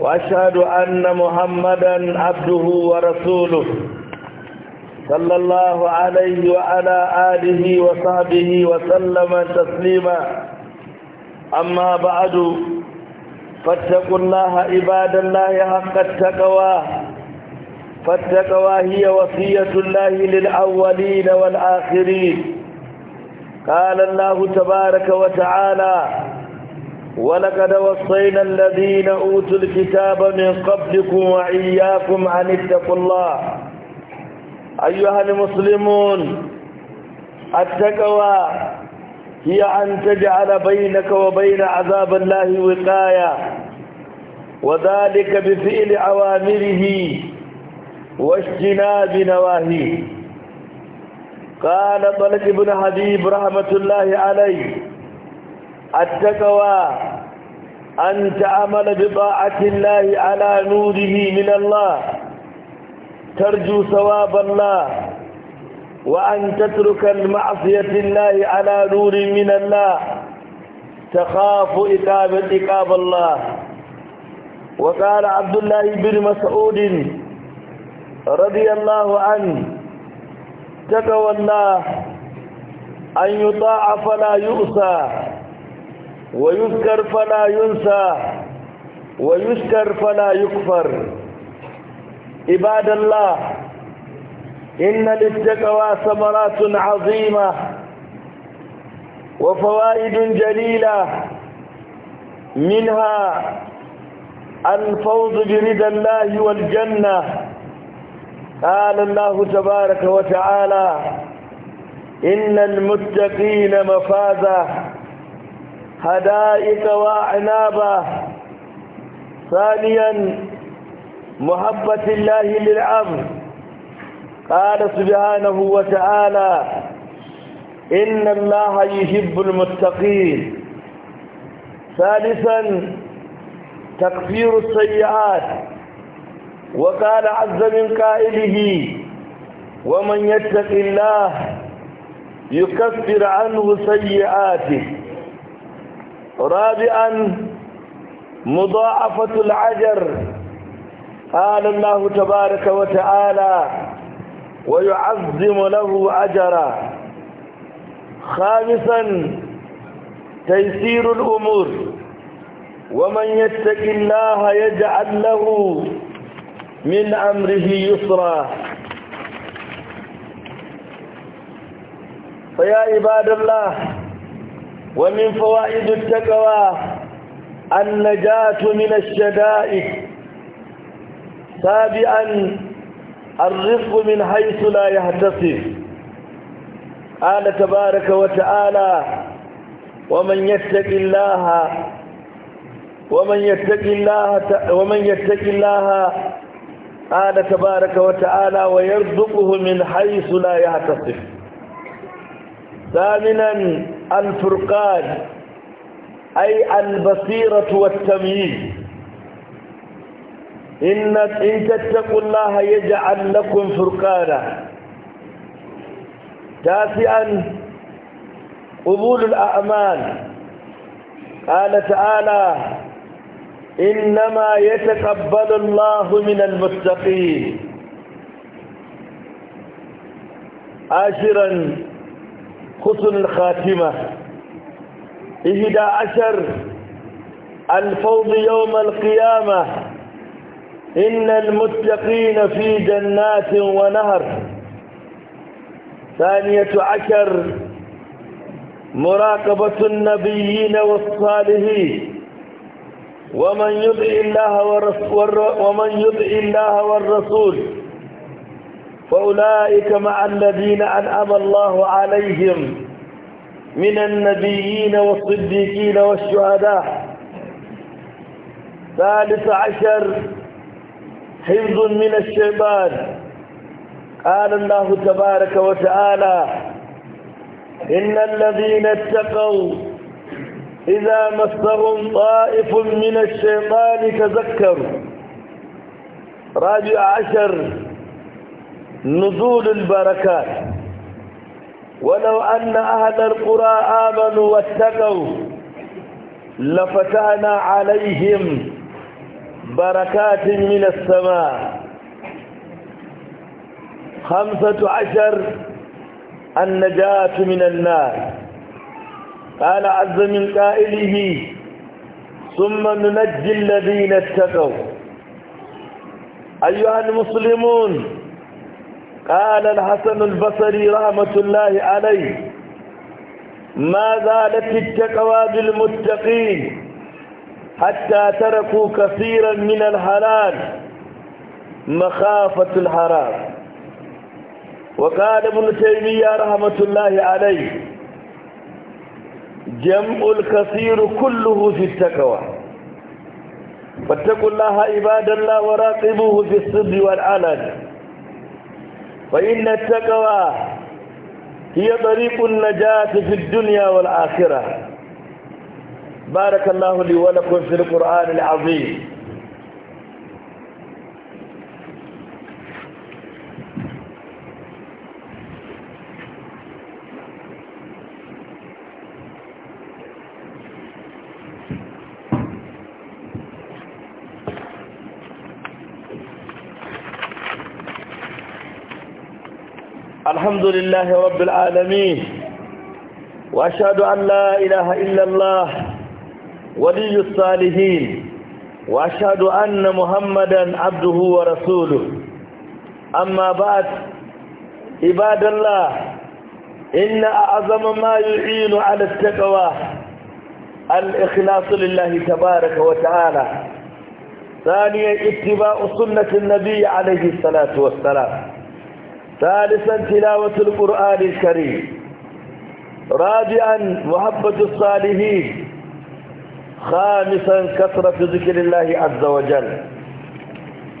وأشهد أن محمدا عبده ورسوله صلى الله عليه وعلى آله وصحبه وسلم تسليما أما بعد فاتقوا الله عباد الله حق التقوى فالتقوى هي وصية الله للأولين والآخرين قال الله تبارك وتعالى ولقد وصينا الذين أوتوا الكتاب من قبلكم وإياكم أن اتقوا الله أيها المسلمون التقوى هي أن تجعل بينك وبين عذاب الله وقاية وذلك بفعل أوامره واجتناب نواهيه قال طلق بن حبيب رحمة الله عليه التقوى أن تعمل بطاعة الله على نوره من الله ترجو ثواب الله وأن تترك المعصية الله على نور من الله تخاف إقاب إقاب الله وقال عبد الله بن مسعود رضي الله عنه تقوى الله أن يطاع فلا يؤسى ويذكر فلا ينسى ويذكر فلا يكفر عباد الله إن للتقوى ثمرات عظيمة وفوائد جليلة منها الفوز برضا الله والجنة قال الله تبارك وتعالى إن المتقين مفازه حدائق وأعنابا ثانيا محبة الله للعبد قال سبحانه وتعالى إن الله يحب المتقين ثالثا تكفير السيئات وقال عز من قائله ومن يتق الله يكفر عنه سيئاته رابعا مضاعفة العجر قال الله تبارك وتعالى ويعظم له أجرا خامسا تيسير الأمور ومن يتق الله يجعل له من أمره يسرا فيا عباد الله ومن فوائد التقوى النجاة من الشدائد سابعا الرفق من حيث لا يحتسب قال تبارك وتعالى ومن يتق الله ومن يتق الله ومن يتق الله قال تبارك وتعالى ويرزقه من حيث لا يحتسب ثامنا الفرقان أي البصيرة والتمييز إن إن تتقوا الله يجعل لكم فرقانا تاسعا قبول الأعمال قال تعالى إنما يتقبل الله من المتقين عاشرا حسن الخاتمة إهدى عشر الفوض يوم القيامة إن المتقين في جنات ونهر ثانية عشر مراقبة النبيين والصالحين ومن يطع الله ومن يطع الله والرسول فأولئك مع الذين أنعم الله عليهم من النبيين والصديقين والشهداء ثالث عشر حفظ من الشيطان قال الله تبارك وتعالى إن الذين اتقوا إذا مسهم طائف من الشيطان تذكروا راجع عشر نزول البركات ولو أن أهل القرى آمنوا واتقوا لفتحنا عليهم بركات من السماء خمسة عشر النجاة من النار قال عز من قائله ثم ننجي الذين اتقوا أيها المسلمون قال الحسن البصري رحمة الله عليه ما زالت التقوى بالمتقين حتى تركوا كثيرا من الحلال مخافة الحرام وقال ابن تيمية رحمة الله عليه جمع الكثير كله في التقوى فاتقوا الله عباد الله وراقبوه في الصد والعلن فإن التقوى هي طريق النجاة في الدنيا والآخرة بارك الله لي ولكم في القرآن العظيم الحمد لله رب العالمين وأشهد أن لا إله إلا الله ولي الصالحين وأشهد أن محمدا عبده ورسوله أما بعد عباد الله إن أعظم ما يعين على التقوى الإخلاص لله تبارك وتعالى ثانيا اتباع سنة النبي عليه الصلاة والسلام ثالثا تلاوة القرآن الكريم رابعا محبة الصالحين خامسا كثرة ذكر الله عز وجل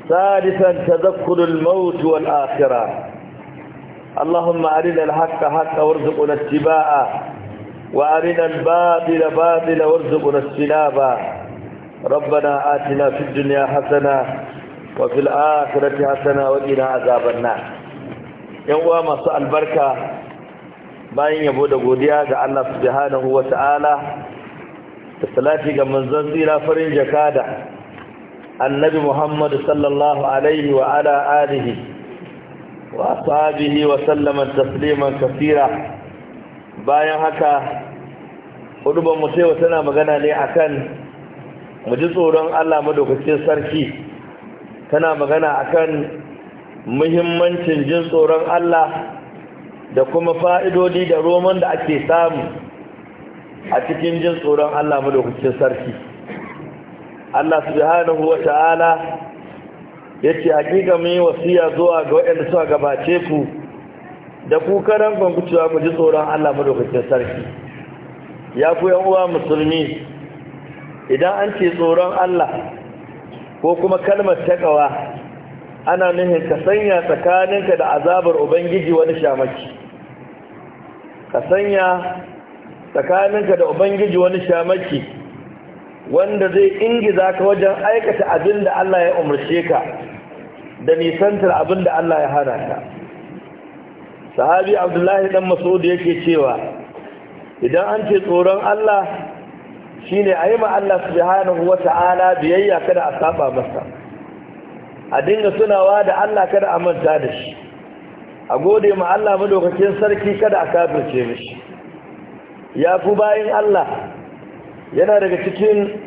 ثالثا تذكر الموت والآخرة اللهم أرنا الحق حقا وارزقنا اتباعه وأرنا الباطل باطلا وارزقنا اجتنابا ربنا آتنا في الدنيا حسنة وفي الآخرة حسنة وقنا عذاب النار yan uwa masu albarka bayan yabo da godiya ga Allah subhanahu wata'ala da salati ga manzon tsira farin jakada annabi Muhammad sallallahu alaihi wa ala alihi wa ashabihi wa sallama tasliman kaseera bayan haka huduban mu sai tana magana ne akan mu ji tsoron Allah madaukakin sarki tana magana akan muhimmancin jin tsoron Allah da kuma fa'idodi da roman da ake samu a cikin jin tsoron Allah madaukacin sarki Allah subhanahu wa ta'ala ya ce hakika mai wasiya zuwa ga waɗanda suka gabace ku da ku karan kwankucewa ku ji tsoron Allah madaukacin sarki ya ku uwa musulmi idan an ce tsoron Allah ko kuma kalmar takawa ana nuhin ka sanya tsakaninka da azabar ubangiji wani shamaki ka sanya tsakaninka da ubangiji wani shamaki wanda zai ingiza ka wajen aikata abin da Allah ya umarce ka da nisantar abin da Allah ya hana ka sahabi abdullahi dan da yake cewa idan an ce tsoron Allah shine ayi ma Allah subhanahu wata'ala biyayya kada a saba masa a dinga tunawa da Allah kada a manta da shi a gode ma Allah madaukakin sarki kada a kafirce mishi ya fi bayan Allah yana daga cikin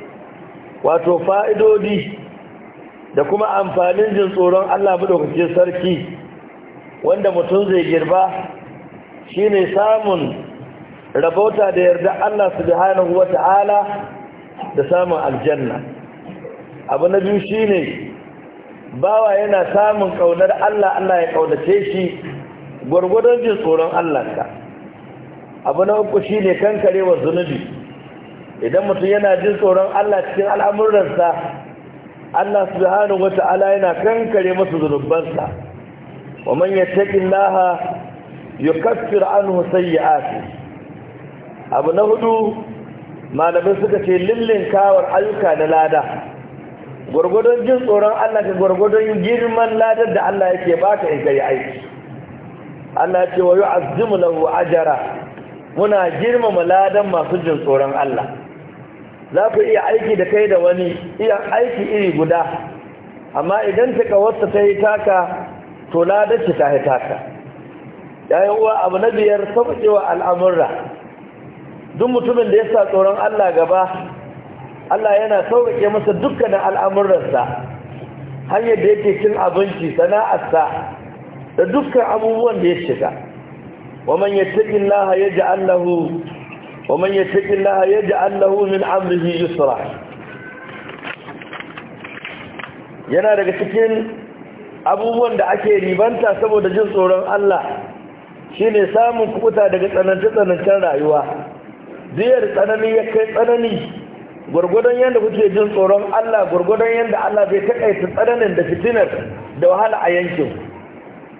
wato fa'idodi da kuma amfanin jin tsoron Allah madaukakin sarki wanda mutum zai girba shine samun rabauta da yarda Allah subhanahu wata'ala da samun aljanna abu na biyu shine bawa yana samun kaunar Allah Allah ya kaunace shi gwargwadon jin tsoron Allah ka abu na uku shine kankarewar zunubi idan mutum yana jin tsoron Allah cikin al'amuransa Allah subhanahu wata'ala yana kankare masa zunubansa wa man yattaqillaha yukaffir anhu sayyi'ati abu na hudu malamai suka ce lillin kawar ayyuka na lada gwargwadon jin tsoron Allah ka gwargwadon girman ladar da Allah ya yake baka in kai aiki Allah ce wa yu'azzimu lahu ajara muna girmama ladan masu jin tsoron Allah za ku iya aiki da kai da wani iya aiki iri guda amma idan ta kawarta ta yi taka to ladar ki ta yi taka yayin uwa abu na biyar sauƙewa al'amurra duk mutumin da ya sa tsoron Allah gaba Allah yana sauraƙe masa dukkanin al'amuransa hanyar da yake cin abinci sana'arsa da dukkan abubuwan da ya shiga wa man Laha ya ji wa man laha Allah ji min amrihi yusra yana daga cikin abubuwan da ake ribanta saboda jin tsoron Allah shi ne samun kuta daga tsanantar rayuwa ziyar tsanani ya kai tsanani gwargwadon yadda kuke jin tsoron Allah gwargwadon yadda Allah zai takaita tsananin da fitinar da wahala a yankin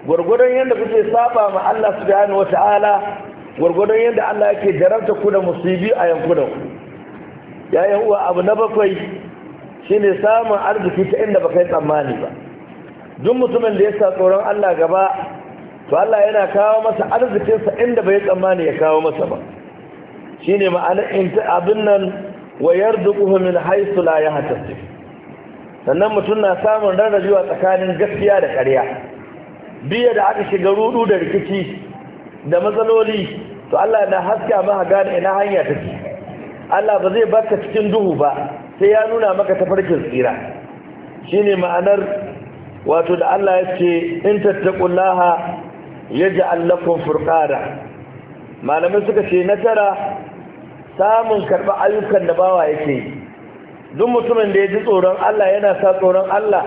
gwargwadon yadda kuke saba ma Allah subhanahu wata'ala gwargwadon yadda Allah yake jarabta ku da musibi a yankunan ku yayin uwa abu na bakwai shine samun arziki ta inda bakai tsammani ba duk mutumin da ya sa tsoron Allah gaba to Allah yana kawo masa arzikinsa inda bai tsammani ya kawo masa ba shine ma'anar abin nan wa yarduquhu min haythu la yahtasib sannan mutum na samun rarrabewa tsakanin gaskiya da ƙarya biya da aka shiga rudu da rikici da matsaloli to Allah na haska maka gane ina hanya take Allah ba zai baka cikin duhu ba sai ya nuna maka tafarkin tsira shine ma'anar wato da Allah ya ce in tattaqullaha yaj'al lakum furqana malamai suka ce na tara samun karɓar ayyukan da bawa yake yi duk mutumin da ya ji tsoron Allah yana sa tsoron Allah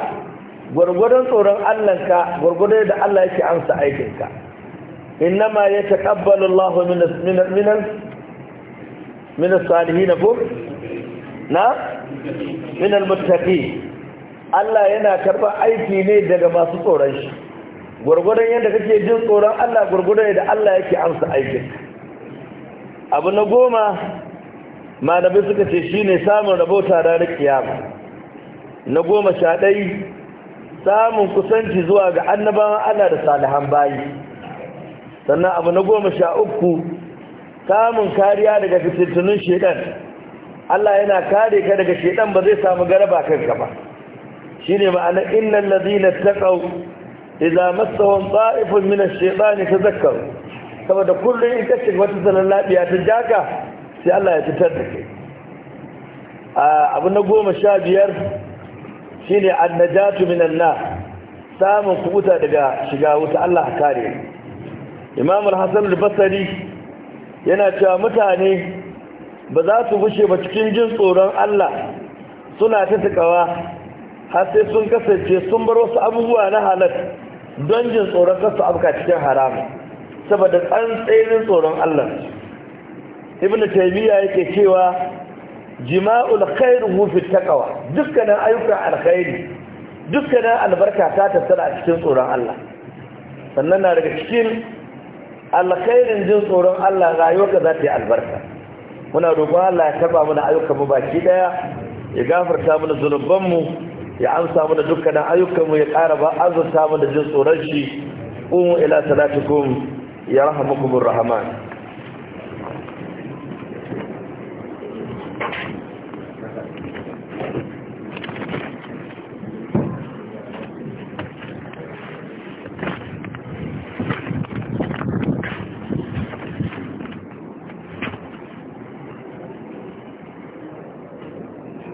gwargwadon tsoron ka gwargwadon da Allah yake amsa aikinka ma ya taqabbalu Allahu min min salihin ko na min al-muttaqi Allah yana karɓar aiki ne daga masu tsoron shi gwargwadon yadda kake jin tsoron Allah gwargwadon da Allah yake amsa aikinka abu na goma malamai suka ce shi ne samun rabota ranar kiyama na goma sha ɗai samun kusanci zuwa ga annabawan Allah da salihan bayi sannan abu na goma sha uku samun kariya daga fitattunin shedan Allah yana kare ka daga shedan ba zai samu garaba kanka ba shine ma'ana innal ladina taqaw wani massahum ta'ifun min ne ta zakar. saboda kullum in ka wata salon lafiya ta jaka sai Allah ya fitar da kai abu na goma sha biyar shine annajatu minan na samun kubuta daga shiga wuta Allah kare Imam hasan al yana cewa mutane ba za su gushe ba cikin jin tsoron Allah suna ta tukawa har sai sun kasance sun bar wasu abubuwa na halart don jin tsoron kasu abuka cikin haramun saboda tsayin tsoron Allah ibn taymiya yake cewa jima'ul hu fi taqwa dukkanin ayyukan alkhairi dukkanin albarka ta tattara a cikin tsoron Allah sannan na daga cikin alkhairin jin tsoron Allah rayuwarka za ta yi albarka muna roƙon Allah ya taba mana ayyukan mu baki daya ya gafarta mana zunubanmu mu ya amsa mana dukkanin ayyukan mu ya ƙara ba azurta mana jin tsoron shi قوموا إلى صلاتكم yarhamukumur rahman